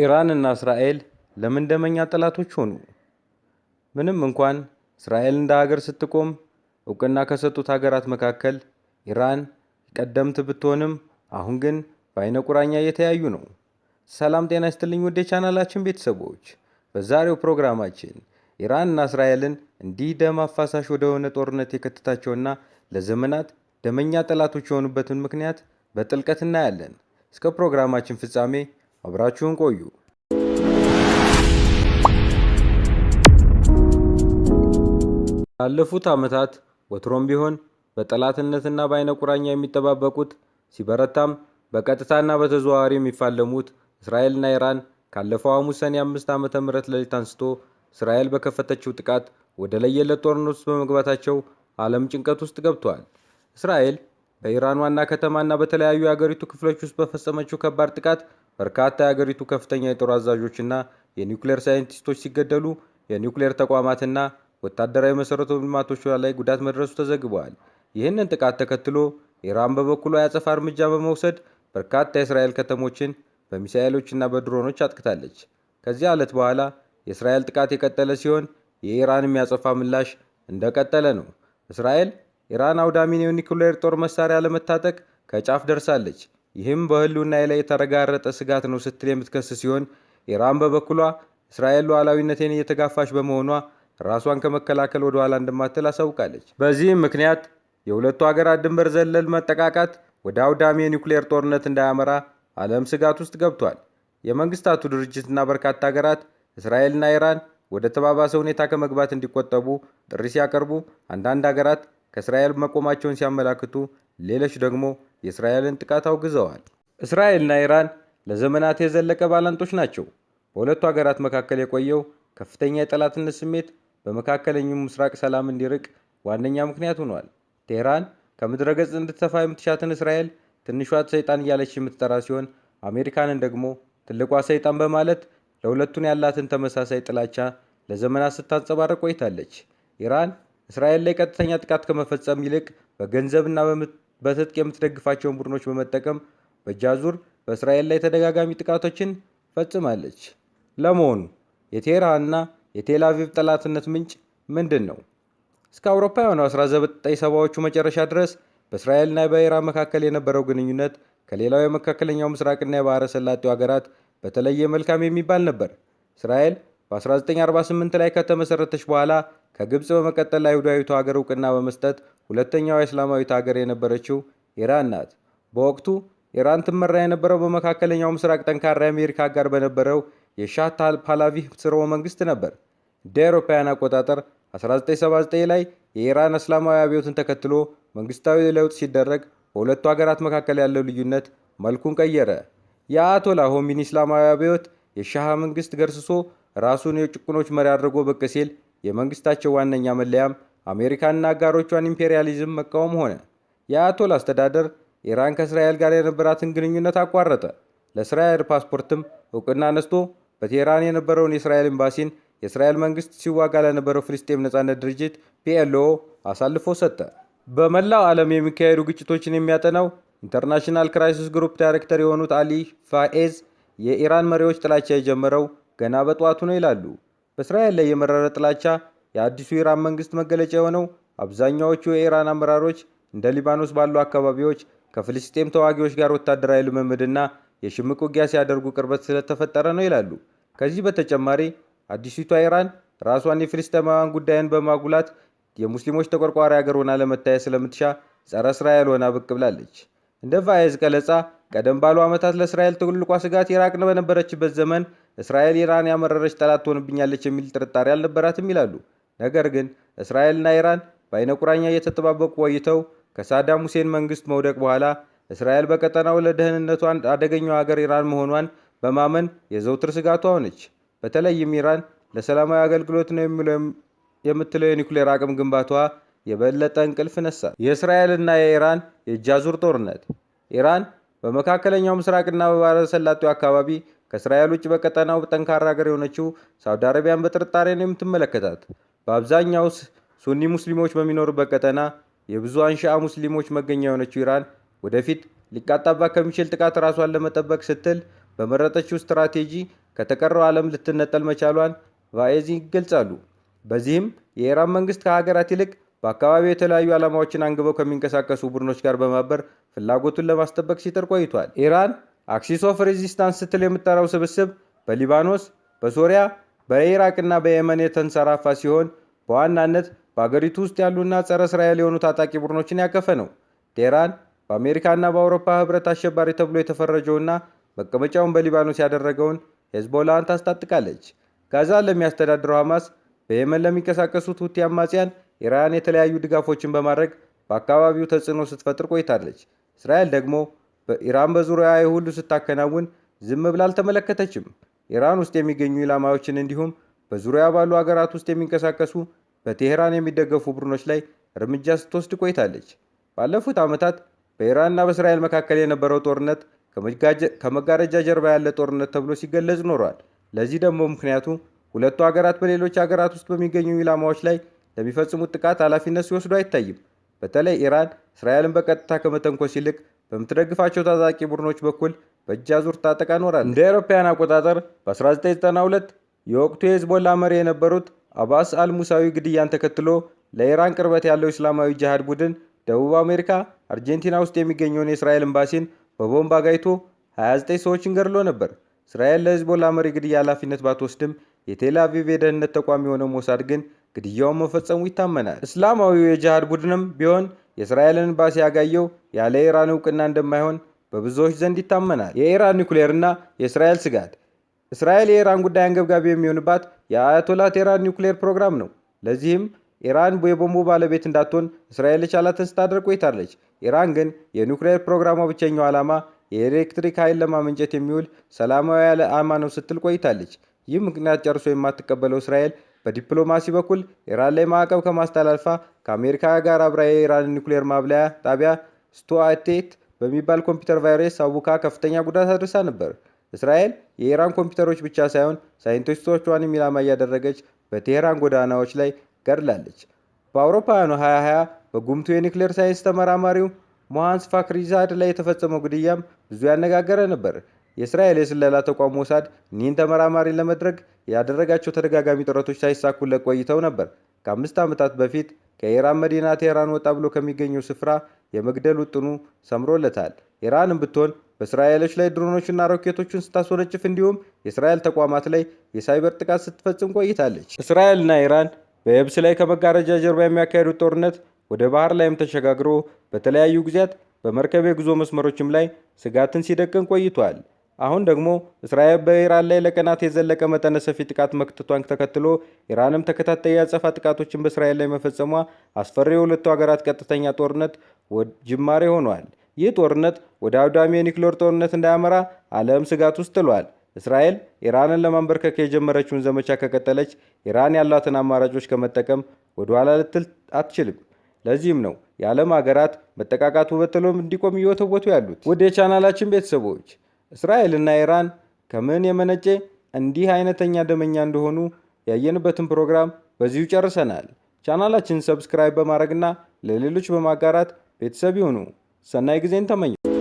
ኢራን እና እስራኤል ለምን ደመኛ ጠላቶች ሆኑ? ምንም እንኳን እስራኤል እንደ ሀገር ስትቆም እውቅና ከሰጡት ሀገራት መካከል ኢራን ቀደምት ብትሆንም አሁን ግን በአይነ ቁራኛ እየተያዩ ነው። ሰላም ጤና ይስጥልኝ ወደ ቻናላችን ቤተሰቦች፣ በዛሬው ፕሮግራማችን ኢራን እና እስራኤልን እንዲህ ደም አፋሳሽ ወደሆነ ጦርነት የከተታቸውና ለዘመናት ደመኛ ጠላቶች የሆኑበትን ምክንያት በጥልቀት እናያለን። እስከ ፕሮግራማችን ፍጻሜ አብራችሁን ቆዩ። ላለፉት ዓመታት ወትሮም ቢሆን በጠላትነትና በአይነ ቁራኛ የሚጠባበቁት ሲበረታም በቀጥታና በተዘዋዋሪ የሚፋለሙት እስራኤልና ኢራን ካለፈው ሐሙስ ሰኔ አምስት ዓመተ ምህረት ለሊት አንስቶ እስራኤል በከፈተችው ጥቃት ወደ ለየለት ጦርነት ውስጥ በመግባታቸው ዓለም ጭንቀት ውስጥ ገብቷል። እስራኤል በኢራን ዋና ከተማና በተለያዩ የአገሪቱ ክፍሎች ውስጥ በፈጸመችው ከባድ ጥቃት በርካታ የአገሪቱ ከፍተኛ የጦር አዛዦችና የኒውክሌር ሳይንቲስቶች ሲገደሉ የኒውክሌር ተቋማትና ወታደራዊ መሠረተ ልማቶች ላይ ጉዳት መድረሱ ተዘግበዋል። ይህንን ጥቃት ተከትሎ ኢራን በበኩሏ የአጸፋ እርምጃ በመውሰድ በርካታ የእስራኤል ከተሞችን በሚሳኤሎችና በድሮኖች አጥቅታለች። ከዚህ ዕለት በኋላ የእስራኤል ጥቃት የቀጠለ ሲሆን የኢራንም የሚያጸፋ ምላሽ እንደቀጠለ ነው። እስራኤል ኢራን አውዳሚን የኒውክሌር ጦር መሳሪያ ለመታጠቅ ከጫፍ ደርሳለች። ይህም በህልውናዬ ላይ የተረጋረጠ ስጋት ነው ስትል የምትከስ ሲሆን ኢራን በበኩሏ እስራኤል ሉዓላዊነቴን እየተጋፋች በመሆኗ ራሷን ከመከላከል ወደ ኋላ እንደማትል አሳውቃለች። በዚህም ምክንያት የሁለቱ ሀገራት ድንበር ዘለል መጠቃቃት ወደ አውዳሚ የኒውክሌር ጦርነት እንዳያመራ ዓለም ስጋት ውስጥ ገብቷል። የመንግስታቱ ድርጅትና በርካታ ሀገራት እስራኤልና ኢራን ወደ ተባባሰ ሁኔታ ከመግባት እንዲቆጠቡ ጥሪ ሲያቀርቡ፣ አንዳንድ ሀገራት ከእስራኤል መቆማቸውን ሲያመላክቱ፣ ሌሎች ደግሞ የእስራኤልን ጥቃት አውግዘዋል። እስራኤልና ኢራን ለዘመናት የዘለቀ ባላንጦች ናቸው። በሁለቱ ሀገራት መካከል የቆየው ከፍተኛ የጠላትነት ስሜት በመካከለኛው ምስራቅ ሰላም እንዲርቅ ዋነኛ ምክንያት ሆኗል። ቴህራን ከምድረ ገጽ እንድትሰፋ የምትሻትን እስራኤል ትንሿ ሰይጣን እያለች የምትጠራ ሲሆን አሜሪካንን ደግሞ ትልቋ ሰይጣን በማለት ለሁለቱን ያላትን ተመሳሳይ ጥላቻ ለዘመናት ስታንጸባረቅ ቆይታለች። ኢራን እስራኤል ላይ ቀጥተኛ ጥቃት ከመፈጸም ይልቅ በገንዘብና በምት በትጥቅ የምትደግፋቸውን ቡድኖች በመጠቀም በጃዙር በእስራኤል ላይ ተደጋጋሚ ጥቃቶችን ፈጽማለች። ለመሆኑ የቴህራንና የቴል አቪቭ ጠላትነት ምንጭ ምንድን ነው? እስከ አውሮፓውያኑ 1970ዎቹ መጨረሻ ድረስ በእስራኤልና በኢራን መካከል የነበረው ግንኙነት ከሌላው የመካከለኛው ምስራቅና የባህረ ሰላጤው ሀገራት በተለየ መልካም የሚባል ነበር። እስራኤል በ1948 ላይ ከተመሰረተች በኋላ ከግብፅ በመቀጠል ለአይሁዳዊቱ ሀገር እውቅና በመስጠት ሁለተኛዋ እስላማዊት ሀገር የነበረችው ኢራን ናት። በወቅቱ ኢራን ትመራ የነበረው በመካከለኛው ምስራቅ ጠንካራ የአሜሪካ ጋር በነበረው የሻታል ፓላቪ ስርወ መንግስት ነበር። እንደ አውሮፓውያን አቆጣጠር 1979 ላይ የኢራን እስላማዊ አብዮትን ተከትሎ መንግስታዊ ለውጥ ሲደረግ በሁለቱ ሀገራት መካከል ያለው ልዩነት መልኩን ቀየረ። የአያቶላ ሆሚኒ እስላማዊ አብዮት የሻህ መንግስት ገርስሶ ራሱን የጭቁኖች መሪ አድርጎ ብቅ ሲል የመንግስታቸው ዋነኛ መለያም አሜሪካንና አጋሮቿን ኢምፔሪያሊዝም መቃወም ሆነ። የአያቶላ አስተዳደር ኢራን ከእስራኤል ጋር የነበራትን ግንኙነት አቋረጠ። ለእስራኤል ፓስፖርትም እውቅና ነስቶ በቴህራን የነበረውን የእስራኤል ኤምባሲን የእስራኤል መንግስት ሲዋጋ ለነበረው ፍልስጤም ነጻነት ድርጅት ፒኤልኦ አሳልፎ ሰጠ። በመላው ዓለም የሚካሄዱ ግጭቶችን የሚያጠናው ኢንተርናሽናል ክራይሲስ ግሩፕ ዳይሬክተር የሆኑት አሊ ፋኤዝ የኢራን መሪዎች ጥላቻ የጀመረው ገና በጠዋቱ ነው ይላሉ። በእስራኤል ላይ የመረረ ጥላቻ የአዲሱ ኢራን መንግስት መገለጫ የሆነው አብዛኛዎቹ የኢራን አመራሮች እንደ ሊባኖስ ባሉ አካባቢዎች ከፍልስጤም ተዋጊዎች ጋር ወታደራዊ ልምምድና የሽምቅ ውጊያ ሲያደርጉ ቅርበት ስለተፈጠረ ነው ይላሉ። ከዚህ በተጨማሪ አዲሲቷ ኢራን ራሷን የፍልስጤማውያን ጉዳይን በማጉላት የሙስሊሞች ተቆርቋሪ ሀገር ሆና ለመታየት ስለምትሻ ጸረ እስራኤል ሆና ብቅ ብላለች። እንደ ቫየዝ ገለጻ ቀደም ባሉ ዓመታት ለእስራኤል ትልቋ ስጋት ኢራቅን በነበረችበት ዘመን እስራኤል ኢራን ያመረረች ጠላት ትሆንብኛለች የሚል ጥርጣሬ አልነበራትም ይላሉ። ነገር ግን እስራኤልና ኢራን በአይነ ቁራኛ እየተጠባበቁ ቆይተው ከሳዳም ሁሴን መንግስት መውደቅ በኋላ እስራኤል በቀጠናው ለደህንነቷ አደገኛው ሀገር ኢራን መሆኗን በማመን የዘውትር ስጋቷ ሆነች። በተለይም ኢራን ለሰላማዊ አገልግሎት ነው የምትለው የኒኩሌር አቅም ግንባቷ የበለጠ እንቅልፍ ነሳ። የእስራኤልና የኢራን የእጃዙር ጦርነት ኢራን በመካከለኛው ምስራቅና በባህረ ሰላጤው አካባቢ ከእስራኤል ውጭ በቀጠናው ጠንካራ ሀገር የሆነችው ሳውዲ አረቢያን በጥርጣሬ ነው የምትመለከታት። በአብዛኛው ሱኒ ሙስሊሞች በሚኖሩበት ቀጠና የብዙሃን ሺዓ ሙስሊሞች መገኛ የሆነችው ኢራን ወደፊት ሊቃጣባት ከሚችል ጥቃት ራሷን ለመጠበቅ ስትል በመረጠችው ስትራቴጂ ከተቀረው ዓለም ልትነጠል መቻሏን ቫኤዚ ይገልጻሉ። በዚህም የኢራን መንግስት ከሀገራት ይልቅ በአካባቢው የተለያዩ ዓላማዎችን አንግበው ከሚንቀሳቀሱ ቡድኖች ጋር በማበር ፍላጎቱን ለማስጠበቅ ሲጥር ቆይቷል። ኢራን አክሲስ ኦፍ ሬዚስታንስ ስትል የምትጠራው ስብስብ በሊባኖስ፣ በሶሪያ፣ በኢራቅና በየመን የተንሰራፋ ሲሆን በዋናነት በአገሪቱ ውስጥ ያሉና ጸረ እስራኤል የሆኑ ታጣቂ ቡድኖችን ያቀፈ ነው። ቴህራን በአሜሪካና በአውሮፓ ህብረት አሸባሪ ተብሎ የተፈረጀውና መቀመጫውን በሊባኖስ ያደረገውን ሄዝቦላን ታስታጥቃለች። ጋዛን ለሚያስተዳድረው ሐማስ፣ በየመን ለሚንቀሳቀሱት ሁቲ አማጽያን ኢራን የተለያዩ ድጋፎችን በማድረግ በአካባቢው ተጽዕኖ ስትፈጥር ቆይታለች። እስራኤል ደግሞ ኢራን በዙሪያ የሁሉ ስታከናውን ዝም ብላ አልተመለከተችም። ኢራን ውስጥ የሚገኙ ኢላማዎችን እንዲሁም በዙሪያ ባሉ አገራት ውስጥ የሚንቀሳቀሱ በቴሄራን የሚደገፉ ቡድኖች ላይ እርምጃ ስትወስድ ቆይታለች። ባለፉት ዓመታት በኢራንና በእስራኤል መካከል የነበረው ጦርነት ከመጋረጃ ጀርባ ያለ ጦርነት ተብሎ ሲገለጽ ኖሯል። ለዚህ ደግሞ ምክንያቱ ሁለቱ ሀገራት በሌሎች ሀገራት ውስጥ በሚገኙ ኢላማዎች ላይ ለሚፈጽሙት ጥቃት ኃላፊነት ሲወስዱ አይታይም። በተለይ ኢራን እስራኤልን በቀጥታ ከመተንኮስ ይልቅ በምትደግፋቸው ታጣቂ ቡድኖች በኩል በእጅ አዙር ታጠቃ ኖራለች። እንደ አውሮፓውያን አቆጣጠር በ1992 የወቅቱ የህዝቦላ መሪ የነበሩት አባስ አልሙሳዊ ግድያን ተከትሎ ለኢራን ቅርበት ያለው እስላማዊ ጅሃድ ቡድን ደቡብ አሜሪካ አርጀንቲና ውስጥ የሚገኘውን የእስራኤል ኤምባሲን በቦምብ አጋይቶ 29 ሰዎችን ገድሎ ነበር። እስራኤል ለህዝቦላ መሪ ግድያ ኃላፊነት ባትወስድም የቴል አቪቭ የደህንነት ተቋም የሆነው ሞሳድ ግን ግድያውን መፈጸሙ ይታመናል። እስላማዊው የጅሃድ ቡድንም ቢሆን የእስራኤልን ኤምባሲ ያጋየው ያለ ኢራን እውቅና እንደማይሆን በብዙዎች ዘንድ ይታመናል። የኢራን ኒውክሌርና የእስራኤል ስጋት እስራኤል የኢራን ጉዳይ አንገብጋቢ የሚሆንባት የአያቶላ ቴህራን ኒውክሌር ፕሮግራም ነው። ለዚህም ኢራን የቦምቡ ባለቤት እንዳትሆን እስራኤል የቻላትን ስታደርግ ቆይታለች። ኢራን ግን የኒውክሌር ፕሮግራሟ ብቸኛው ዓላማ የኤሌክትሪክ ኃይል ለማመንጨት የሚውል ሰላማዊ ዓላማ ነው ስትል ቆይታለች። ይህ ምክንያት ጨርሶ የማትቀበለው እስራኤል በዲፕሎማሲ በኩል ኢራን ላይ ማዕቀብ ከማስተላልፋ ከአሜሪካ ጋር አብራ የኢራን ኒውክሌር ማብለያ ጣቢያ ስቱአቴት በሚባል ኮምፒውተር ቫይረስ አውካ ከፍተኛ ጉዳት አድርሳ ነበር። እስራኤል የኢራን ኮምፒውተሮች ብቻ ሳይሆን ሳይንቲስቶቿንም ኢላማ እያደረገች በቴህራን ጎዳናዎች ላይ ገድላለች። በአውሮፓውያኑ 2020 በጉምቱ የኒክሌር ሳይንስ ተመራማሪው ሞሃንስ ፋክሪዛድ ላይ የተፈጸመው ግድያም ብዙ ያነጋገረ ነበር። የእስራኤል የስለላ ተቋም ሞሳድ እኒህን ተመራማሪ ለመድረግ ያደረጋቸው ተደጋጋሚ ጥረቶች ሳይሳኩለት ቆይተው ነበር። ከአምስት ዓመታት በፊት ከኢራን መዲና ቴህራን ወጣ ብሎ ከሚገኘው ስፍራ የመግደል ውጥኑ ሰምሮለታል። ኢራንም ብትሆን በእስራኤሎች ላይ ድሮኖችና ሮኬቶችን ስታስወነጭፍ እንዲሁም የእስራኤል ተቋማት ላይ የሳይበር ጥቃት ስትፈጽም ቆይታለች። እስራኤልና ኢራን በየብስ ላይ ከመጋረጃ ጀርባ የሚያካሄዱት ጦርነት ወደ ባህር ላይም ተሸጋግሮ በተለያዩ ጊዜያት በመርከብ የጉዞ መስመሮችም ላይ ስጋትን ሲደቅን ቆይቷል። አሁን ደግሞ እስራኤል በኢራን ላይ ለቀናት የዘለቀ መጠነ ሰፊ ጥቃት መክተቷን ተከትሎ ኢራንም ተከታታይ የአጸፋ ጥቃቶችን በእስራኤል ላይ መፈጸሟ አስፈሪ የሁለቱ ሀገራት ቀጥተኛ ጦርነት ጅማሬ ሆኗል። ይህ ጦርነት ወደ አውዳሚ የኒክሎር ጦርነት እንዳያመራ ዓለም ስጋት ውስጥ ጥሏል። እስራኤል ኢራንን ለማንበርከክ የጀመረችውን ዘመቻ ከቀጠለች ኢራን ያላትን አማራጮች ከመጠቀም ወደ ኋላ ልትል አትችልም። ለዚህም ነው የዓለም ሀገራት መጠቃቃቱ በተሎም እንዲቆም እየወተወቱ ያሉት። ወደ የቻናላችን ቤተሰቦች እስራኤልና ኢራን ከምን የመነጨ እንዲህ አይነተኛ ደመኛ እንደሆኑ ያየንበትን ፕሮግራም በዚሁ ጨርሰናል። ቻናላችን ሰብስክራይብ በማድረግና ለሌሎች በማጋራት ቤተሰብ ይሁኑ። ሰናይ ጊዜን ተመኘው